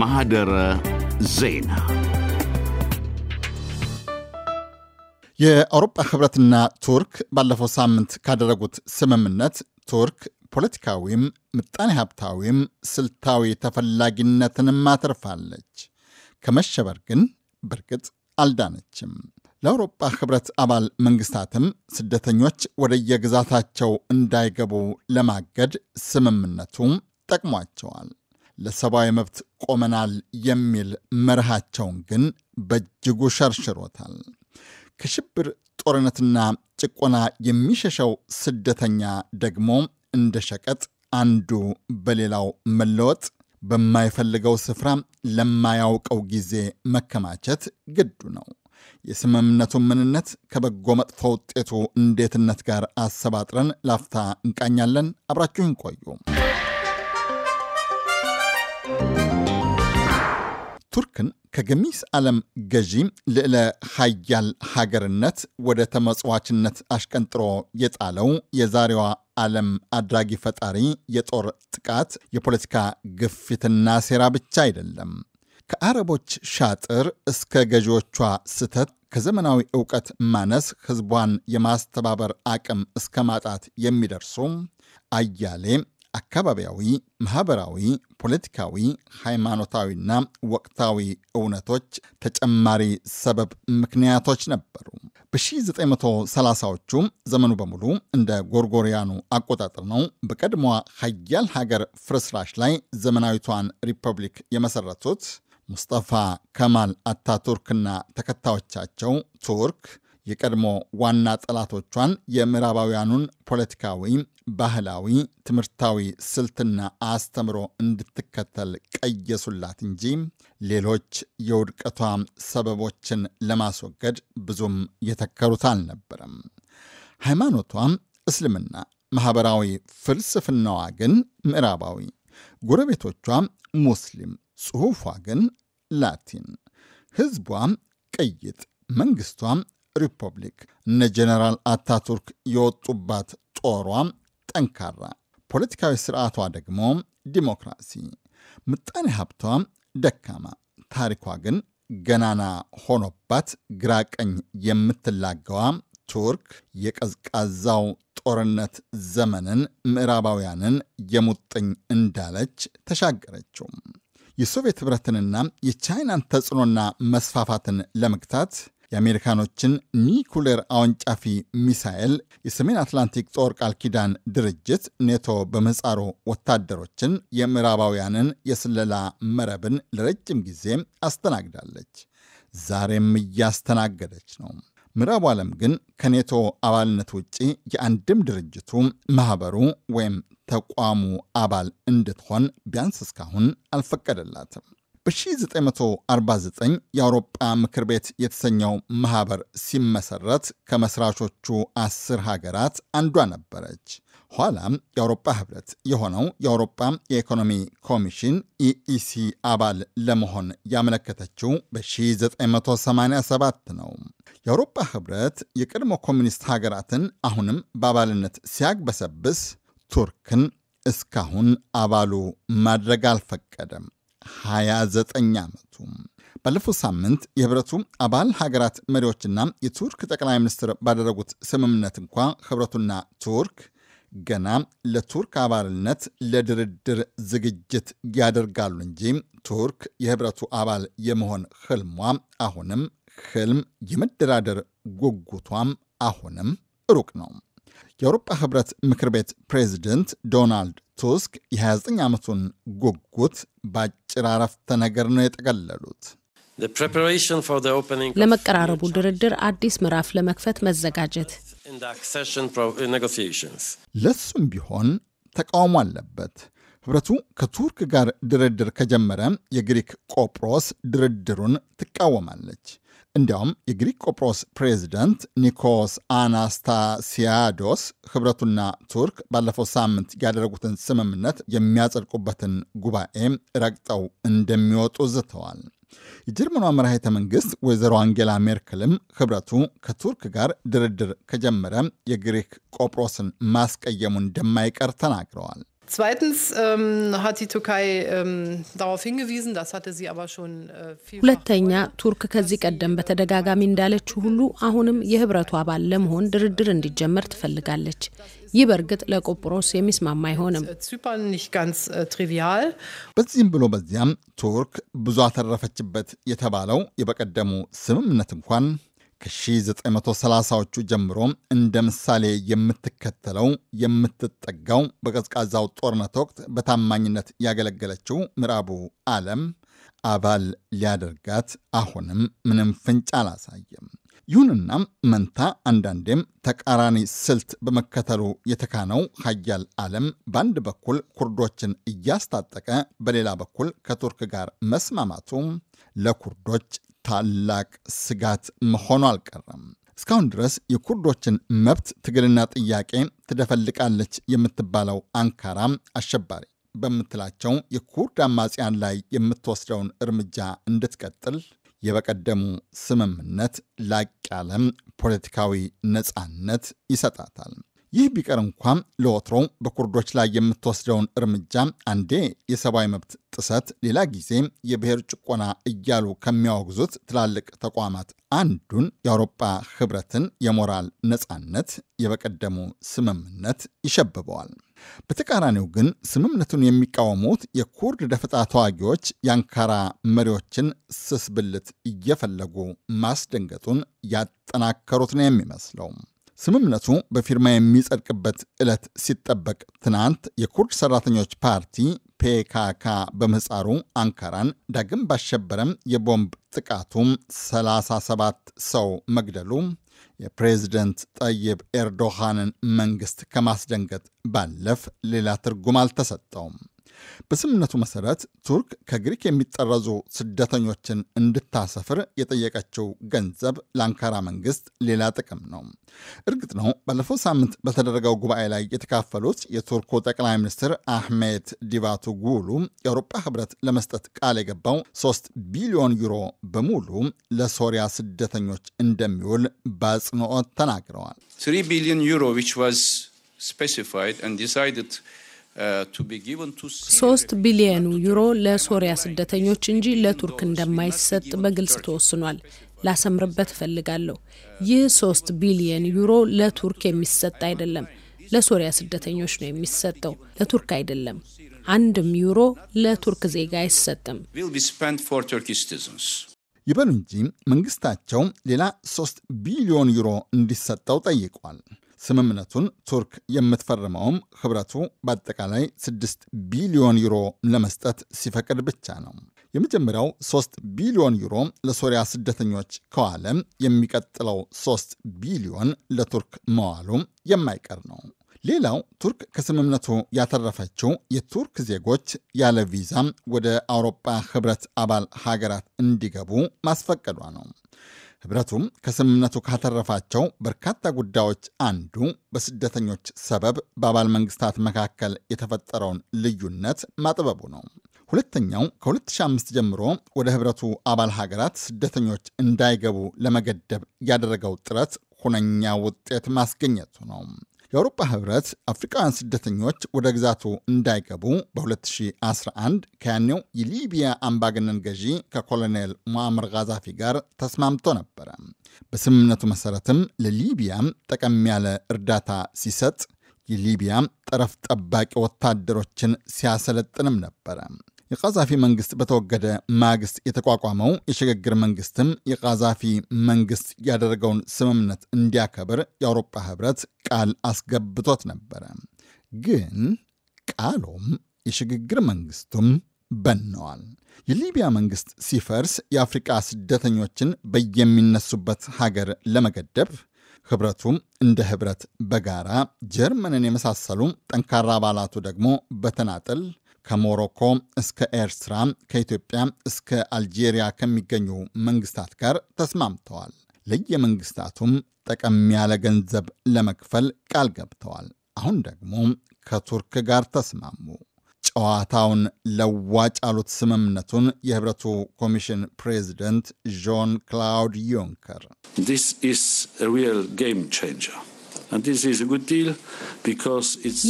ማህደረ ዜና የአውሮፓ ህብረትና ቱርክ ባለፈው ሳምንት ካደረጉት ስምምነት ቱርክ ፖለቲካዊም ምጣኔ ሀብታዊም ስልታዊ ተፈላጊነትንም አትርፋለች። ከመሸበር ግን በርግጥ አልዳነችም። ለአውሮጳ ህብረት አባል መንግስታትም ስደተኞች ወደ የግዛታቸው እንዳይገቡ ለማገድ ስምምነቱ ጠቅሟቸዋል። ለሰብአዊ መብት ቆመናል የሚል መርሃቸውን ግን በእጅጉ ሸርሽሮታል። ከሽብር ጦርነትና ጭቆና የሚሸሸው ስደተኛ ደግሞ እንደ ሸቀጥ አንዱ በሌላው መለወጥ፣ በማይፈልገው ስፍራ ለማያውቀው ጊዜ መከማቸት ግዱ ነው። የስምምነቱ ምንነት ከበጎ መጥፎ ውጤቱ እንዴትነት ጋር አሰባጥረን ላፍታ እንቃኛለን። አብራችሁን ቆዩ። ቱርክን ከገሚስ ዓለም ገዢ ልዕለ ሀያል ሀገርነት ወደ ተመጽዋችነት አሽቀንጥሮ የጣለው የዛሬዋ ዓለም አድራጊ ፈጣሪ የጦር ጥቃት፣ የፖለቲካ ግፊትና ሴራ ብቻ አይደለም። ከአረቦች ሻጥር እስከ ገዢዎቿ ስተት ከዘመናዊ ዕውቀት ማነስ ህዝቧን የማስተባበር አቅም እስከ ማጣት የሚደርሱ አያሌ አካባቢያዊ፣ ማኅበራዊ፣ ፖለቲካዊ፣ ሃይማኖታዊና ወቅታዊ እውነቶች ተጨማሪ ሰበብ ምክንያቶች ነበሩ። በ1930ዎቹ ዘመኑ በሙሉ እንደ ጎርጎሪያኑ አቆጣጠር ነው። በቀድሞዋ ሀያል ሀገር ፍርስራሽ ላይ ዘመናዊቷን ሪፐብሊክ የመሰረቱት ሙስጠፋ ከማል አታቱርክና ተከታዮቻቸው ቱርክ የቀድሞ ዋና ጠላቶቿን የምዕራባውያኑን ፖለቲካዊ፣ ባህላዊ፣ ትምህርታዊ ስልትና አስተምሮ እንድትከተል ቀየሱላት እንጂ ሌሎች የውድቀቷ ሰበቦችን ለማስወገድ ብዙም የተከሩት አልነበረም። ሃይማኖቷም እስልምና፣ ማኅበራዊ ፍልስፍናዋ ግን ምዕራባዊ፣ ጎረቤቶቿ ሙስሊም ጽሑፏ ግን ላቲን፣ ህዝቧ ቅይጥ፣ መንግስቷ ሪፐብሊክ፣ እነ ጀነራል አታቱርክ የወጡባት ጦሯ ጠንካራ፣ ፖለቲካዊ ስርዓቷ ደግሞ ዲሞክራሲ፣ ምጣኔ ሀብቷ ደካማ፣ ታሪኳ ግን ገናና ሆኖባት ግራ ቀኝ የምትላገዋ ቱርክ የቀዝቃዛው ጦርነት ዘመንን ምዕራባውያንን የሙጥኝ እንዳለች ተሻገረችው። የሶቪየት ኅብረትንና የቻይናን ተጽዕኖና መስፋፋትን ለመግታት የአሜሪካኖችን ኒኩሌር አወንጫፊ ሚሳኤል የሰሜን አትላንቲክ ጦር ቃል ኪዳን ድርጅት ኔቶ በምህጻሩ ወታደሮችን፣ የምዕራባውያንን የስለላ መረብን ለረጅም ጊዜ አስተናግዳለች። ዛሬም እያስተናገደች ነው። ምዕራቡ ዓለም ግን ከኔቶ አባልነት ውጪ የአንድም ድርጅቱ ማኅበሩ ወይም ተቋሙ አባል እንድትሆን ቢያንስ እስካሁን አልፈቀደላትም። በ1949 የአውሮጳ ምክር ቤት የተሰኘው ማኅበር ሲመሰረት ከመስራቾቹ አስር ሀገራት አንዷ ነበረች። ኋላም የአውሮጳ ህብረት የሆነው የአውሮጳ የኢኮኖሚ ኮሚሽን ኢኢሲ አባል ለመሆን ያመለከተችው በ1987 ነው። የአውሮፓ ህብረት የቀድሞ ኮሚኒስት ሀገራትን አሁንም በአባልነት ሲያግበሰብስ ቱርክን እስካሁን አባሉ ማድረግ አልፈቀደም። 29 ዓመቱ። ባለፈው ሳምንት የህብረቱ አባል ሀገራት መሪዎችና የቱርክ ጠቅላይ ሚኒስትር ባደረጉት ስምምነት እንኳ ህብረቱና ቱርክ ገና ለቱርክ አባልነት ለድርድር ዝግጅት ያደርጋሉ እንጂ ቱርክ የህብረቱ አባል የመሆን ህልሟ አሁንም ህልም የመደራደር ጉጉቷም አሁንም ሩቅ ነው። የአውሮፓ ህብረት ምክር ቤት ፕሬዚደንት ዶናልድ ቱስክ የ29 ዓመቱን ጉጉት በአጭር አረፍተ ነገር ነው የጠቀለሉት። ለመቀራረቡ ድርድር አዲስ ምዕራፍ ለመክፈት መዘጋጀት። ለሱም ቢሆን ተቃውሞ አለበት። ህብረቱ ከቱርክ ጋር ድርድር ከጀመረ የግሪክ ቆጵሮስ ድርድሩን ትቃወማለች። እንዲያውም የግሪክ ቆጵሮስ ፕሬዚደንት ኒኮስ አናስታሲያዶስ ህብረቱና ቱርክ ባለፈው ሳምንት ያደረጉትን ስምምነት የሚያጸድቁበትን ጉባኤ ረግጠው እንደሚወጡ ዝተዋል። የጀርመኗ መራሄተ መንግስት ወይዘሮ አንጌላ ሜርክልም ህብረቱ ከቱርክ ጋር ድርድር ከጀመረ የግሪክ ቆጵሮስን ማስቀየሙ እንደማይቀር ተናግረዋል። ሁለተኛ ቱርክ ከዚህ ቀደም äh, በተደጋጋሚ እንዳለችው ሁሉ አሁንም የህብረቱ አባል ለመሆን ድርድር እንዲጀመር ትፈልጋለች። ይህ በእርግጥ ለቆጵሮስ የሚስማማ አይሆንም። äh, በዚህም ብሎ በዚያም ቱርክ ብዙ አተረፈችበት የተባለው የበቀደሙ ስምምነት እንኳን ከ1930ዎቹ ጀምሮ እንደ ምሳሌ የምትከተለው የምትጠጋው በቀዝቃዛው ጦርነት ወቅት በታማኝነት ያገለገለችው ምዕራቡ ዓለም አባል ሊያደርጋት አሁንም ምንም ፍንጭ አላሳየም። ይሁንና መንታ አንዳንዴም ተቃራኒ ስልት በመከተሉ የተካነው ሀያል ዓለም በአንድ በኩል ኩርዶችን እያስታጠቀ በሌላ በኩል ከቱርክ ጋር መስማማቱ ለኩርዶች ታላቅ ስጋት መሆኑ አልቀረም። እስካሁን ድረስ የኩርዶችን መብት ትግልና ጥያቄ ትደፈልቃለች የምትባለው አንካራ አሸባሪ በምትላቸው የኩርድ አማጽያን ላይ የምትወስደውን እርምጃ እንድትቀጥል የበቀደሙ ስምምነት ላቅ ያለም ፖለቲካዊ ነጻነት ይሰጣታል። ይህ ቢቀር እንኳ ለወትሮው በኩርዶች ላይ የምትወስደውን እርምጃ አንዴ የሰብአዊ መብት ጥሰት፣ ሌላ ጊዜ የብሔር ጭቆና እያሉ ከሚያወግዙት ትላልቅ ተቋማት አንዱን የአውሮፓ ህብረትን የሞራል ነፃነት የበቀደሙ ስምምነት ይሸብበዋል። በተቃራኒው ግን ስምምነቱን የሚቃወሙት የኩርድ ደፈጣ ተዋጊዎች የአንካራ መሪዎችን ስስብልት እየፈለጉ ማስደንገጡን ያጠናከሩት ነው የሚመስለው። ስምምነቱ በፊርማ የሚጸድቅበት ዕለት ሲጠበቅ ትናንት የኩርድ ሰራተኞች ፓርቲ ፔካካ በምህፃሩ አንካራን ዳግም ባሸበረም የቦምብ ጥቃቱም 37 ሰው መግደሉ የፕሬዝደንት ጠይብ ኤርዶሃንን መንግስት ከማስደንገጥ ባለፍ ሌላ ትርጉም አልተሰጠውም። በስምምነቱ መሰረት ቱርክ ከግሪክ የሚጠረዙ ስደተኞችን እንድታሰፍር የጠየቀችው ገንዘብ ለአንካራ መንግስት ሌላ ጥቅም ነው። እርግጥ ነው ባለፈው ሳምንት በተደረገው ጉባኤ ላይ የተካፈሉት የቱርኩ ጠቅላይ ሚኒስትር አህሜት ዲባቱ ጉሉ የአውሮፓ ህብረት ለመስጠት ቃል የገባው 3 ቢሊዮን ዩሮ በሙሉ ለሶሪያ ስደተኞች እንደሚውል በአጽንኦት ተናግረዋል። 3 ቢሊዮን ዩሮ which was ሶስት ቢሊየኑ ዩሮ ለሶሪያ ስደተኞች እንጂ ለቱርክ እንደማይሰጥ በግልጽ ተወስኗል። ላሰምርበት እፈልጋለሁ። ይህ ሶስት ቢሊየን ዩሮ ለቱርክ የሚሰጥ አይደለም። ለሶሪያ ስደተኞች ነው የሚሰጠው፣ ለቱርክ አይደለም። አንድም ዩሮ ለቱርክ ዜጋ አይሰጥም። ይበሉ እንጂ መንግስታቸው ሌላ ሶስት ቢሊዮን ዩሮ እንዲሰጠው ጠይቋል። ስምምነቱን ቱርክ የምትፈርመውም ህብረቱ በአጠቃላይ 6 ቢሊዮን ዩሮ ለመስጠት ሲፈቅድ ብቻ ነው። የመጀመሪያው 3 ቢሊዮን ዩሮ ለሶሪያ ስደተኞች ከዋለ የሚቀጥለው 3 ቢሊዮን ለቱርክ መዋሉ የማይቀር ነው። ሌላው ቱርክ ከስምምነቱ ያተረፈችው የቱርክ ዜጎች ያለ ቪዛም ወደ አውሮፓ ህብረት አባል ሀገራት እንዲገቡ ማስፈቀዷ ነው። ህብረቱም ከስምምነቱ ካተረፋቸው በርካታ ጉዳዮች አንዱ በስደተኞች ሰበብ በአባል መንግስታት መካከል የተፈጠረውን ልዩነት ማጥበቡ ነው። ሁለተኛው ከ2005 ጀምሮ ወደ ህብረቱ አባል ሀገራት ስደተኞች እንዳይገቡ ለመገደብ ያደረገው ጥረት ሁነኛ ውጤት ማስገኘቱ ነው። የአውሮፓ ህብረት አፍሪካውያን ስደተኞች ወደ ግዛቱ እንዳይገቡ በ2011 ከያኔው የሊቢያ አምባገነን ገዢ ከኮሎኔል ሙአምር ጋዛፊ ጋር ተስማምቶ ነበረ። በስምምነቱ መሰረትም ለሊቢያ ጠቀም ያለ እርዳታ ሲሰጥ የሊቢያ ጠረፍ ጠባቂ ወታደሮችን ሲያሰለጥንም ነበረ። የቃዛፊ መንግስት በተወገደ ማግስት የተቋቋመው የሽግግር መንግስትም የቃዛፊ መንግስት ያደረገውን ስምምነት እንዲያከብር የአውሮፓ ህብረት ቃል አስገብቶት ነበረ። ግን ቃሎም የሽግግር መንግስቱም በነዋል። የሊቢያ መንግስት ሲፈርስ የአፍሪቃ ስደተኞችን በየሚነሱበት ሀገር ለመገደብ ህብረቱም እንደ ህብረት በጋራ ጀርመንን የመሳሰሉ ጠንካራ አባላቱ ደግሞ በተናጠል ከሞሮኮ እስከ ኤርትራ ከኢትዮጵያ እስከ አልጄሪያ ከሚገኙ መንግስታት ጋር ተስማምተዋል። ለየመንግስታቱም ጠቀም ያለ ገንዘብ ለመክፈል ቃል ገብተዋል። አሁን ደግሞ ከቱርክ ጋር ተስማሙ። ጨዋታውን ለዋጭ አሉት ስምምነቱን የህብረቱ ኮሚሽን ፕሬዚደንት ዦን ክላውድ ዩንከር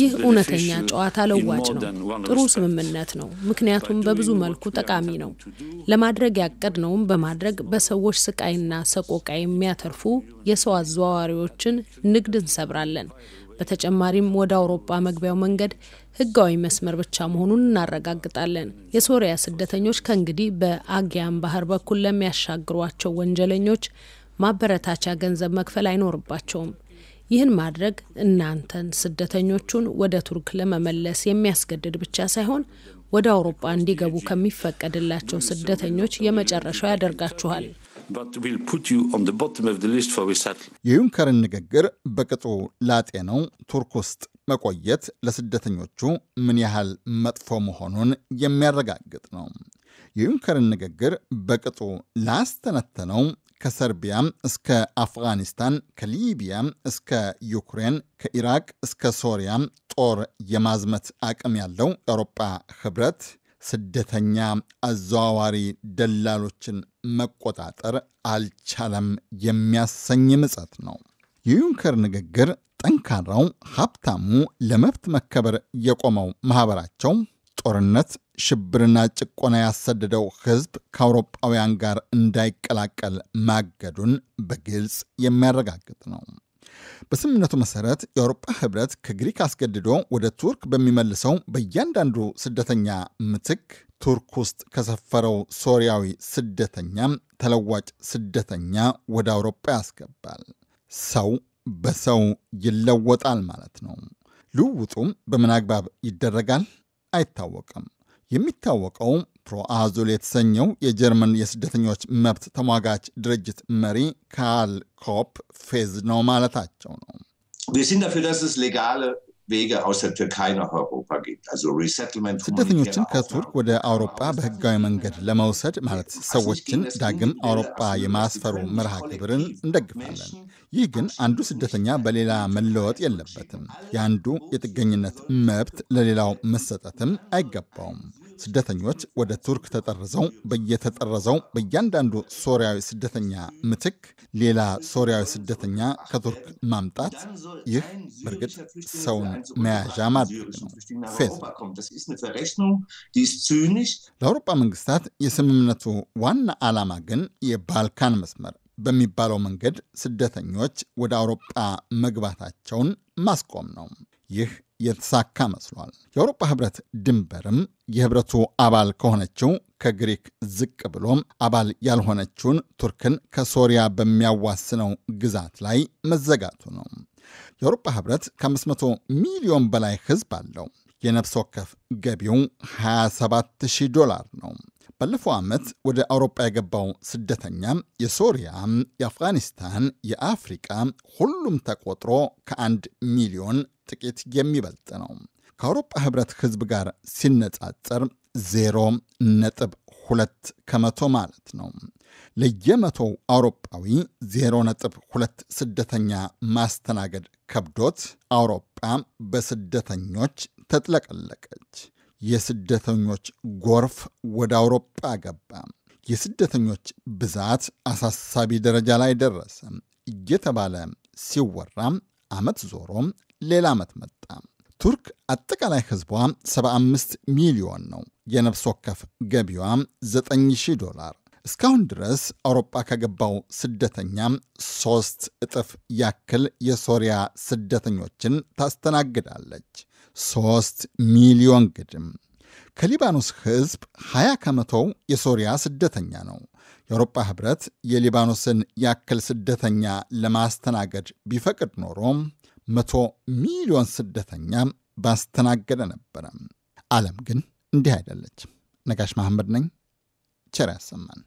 ይህ እውነተኛ ጨዋታ ለዋጭ ነው። ጥሩ ስምምነት ነው፣ ምክንያቱም በብዙ መልኩ ጠቃሚ ነው። ለማድረግ ያቀድነውም በማድረግ በሰዎች ስቃይና ሰቆቃ የሚያተርፉ የሰው አዘዋዋሪዎችን ንግድ እንሰብራለን። በተጨማሪም ወደ አውሮፓ መግቢያው መንገድ ህጋዊ መስመር ብቻ መሆኑን እናረጋግጣለን። የሶሪያ ስደተኞች ከእንግዲህ በአጊያን ባህር በኩል ለሚያሻግሯቸው ወንጀለኞች ማበረታቻ ገንዘብ መክፈል አይኖርባቸውም። ይህን ማድረግ እናንተን ስደተኞቹን ወደ ቱርክ ለመመለስ የሚያስገድድ ብቻ ሳይሆን ወደ አውሮፓ እንዲገቡ ከሚፈቀድላቸው ስደተኞች የመጨረሻው ያደርጋችኋል። የዩንከርን ንግግር በቅጡ ላጤ ነው። ቱርክ ውስጥ መቆየት ለስደተኞቹ ምን ያህል መጥፎ መሆኑን የሚያረጋግጥ ነው። የዩንከርን ንግግር በቅጡ ላስተነተነው ከሰርቢያ እስከ አፍጋኒስታን፣ ከሊቢያ እስከ ዩክሬን፣ ከኢራቅ እስከ ሶሪያ ጦር የማዝመት አቅም ያለው የአውሮፓ ህብረት ስደተኛ አዘዋዋሪ ደላሎችን መቆጣጠር አልቻለም የሚያሰኝ ምጸት ነው። የዩንከር ንግግር ጠንካራው ሀብታሙ ለመብት መከበር የቆመው ማኅበራቸው ጦርነት፣ ሽብርና ጭቆና ያሰደደው ህዝብ ከአውሮጳውያን ጋር እንዳይቀላቀል ማገዱን በግልጽ የሚያረጋግጥ ነው። በስምምነቱ መሰረት የአውሮፓ ህብረት ከግሪክ አስገድዶ ወደ ቱርክ በሚመልሰው በእያንዳንዱ ስደተኛ ምትክ ቱርክ ውስጥ ከሰፈረው ሶሪያዊ ስደተኛ ተለዋጭ ስደተኛ ወደ አውሮፓ ያስገባል። ሰው በሰው ይለወጣል ማለት ነው። ልውውጡም በምን አግባብ ይደረጋል? አይታወቅም። የሚታወቀው ፕሮአዙል የተሰኘው የጀርመን የስደተኞች መብት ተሟጋች ድርጅት መሪ ካርል ኮፕ ፌዝ ነው ማለታቸው ነው። ስደተኞችን ከቱርክ ወደ አውሮፓ በህጋዊ መንገድ ለመውሰድ ማለት ሰዎችን ዳግም አውሮጳ የማስፈሩ መርሃ ግብርን እንደግፋለን። ይህ ግን አንዱ ስደተኛ በሌላ መለወጥ የለበትም። የአንዱ የጥገኝነት መብት ለሌላው መሰጠትም አይገባውም። ስደተኞች ወደ ቱርክ ተጠርዘው በየተጠረዘው በእያንዳንዱ ሶሪያዊ ስደተኛ ምትክ ሌላ ሶሪያዊ ስደተኛ ከቱርክ ማምጣት፣ ይህ በእርግጥ ሰውን መያዣ ማድረግ ነው። ፌዝ ለአውሮጳ መንግስታት የስምምነቱ ዋና ዓላማ ግን የባልካን መስመር በሚባለው መንገድ ስደተኞች ወደ አውሮጳ መግባታቸውን ማስቆም ነው። ይህ የተሳካ መስሏል። የአውሮፓ ህብረት ድንበርም የህብረቱ አባል ከሆነችው ከግሪክ ዝቅ ብሎም አባል ያልሆነችውን ቱርክን ከሶሪያ በሚያዋስነው ግዛት ላይ መዘጋቱ ነው። የአውሮፓ ህብረት ከ500 ሚሊዮን በላይ ህዝብ አለው። የነፍስ ወከፍ ገቢው 27000 ዶላር ነው። ባለፈው ዓመት ወደ አውሮፓ የገባው ስደተኛ የሶሪያ፣ የአፍጋኒስታን፣ የአፍሪቃ ሁሉም ተቆጥሮ ከአንድ ሚሊዮን ጥቂት የሚበልጥ ነው። ከአውሮጳ ህብረት ህዝብ ጋር ሲነጻጸር ዜሮ ነጥብ ሁለት ከመቶ ማለት ነው። ለየመቶው አውሮጳዊ ዜሮ ነጥብ ሁለት ስደተኛ ማስተናገድ ከብዶት አውሮጳ በስደተኞች ተጥለቀለቀች። የስደተኞች ጎርፍ ወደ አውሮጳ ገባ። የስደተኞች ብዛት አሳሳቢ ደረጃ ላይ ደረሰ እየተባለ ሲወራ ዓመት ዞሮም ሌላ ዓመት መጣ። ቱርክ አጠቃላይ ህዝቧ 75 ሚሊዮን ነው። የነፍስ ወከፍ ገቢዋ 9000 ዶላር። እስካሁን ድረስ አውሮጳ ከገባው ስደተኛ ሶስት እጥፍ ያክል የሶሪያ ስደተኞችን ታስተናግዳለች። ሶስት ሚሊዮን ግድም። ከሊባኖስ ህዝብ 20 ከመቶው የሶሪያ ስደተኛ ነው። የአውሮፓ ህብረት የሊባኖስን ያክል ስደተኛ ለማስተናገድ ቢፈቅድ ኖሮም! መቶ ሚሊዮን ስደተኛ ባስተናገደ ነበረ። ዓለም ግን እንዲህ አይደለችም። ነጋሽ መሐመድ ነኝ። ቸር ያሰማን።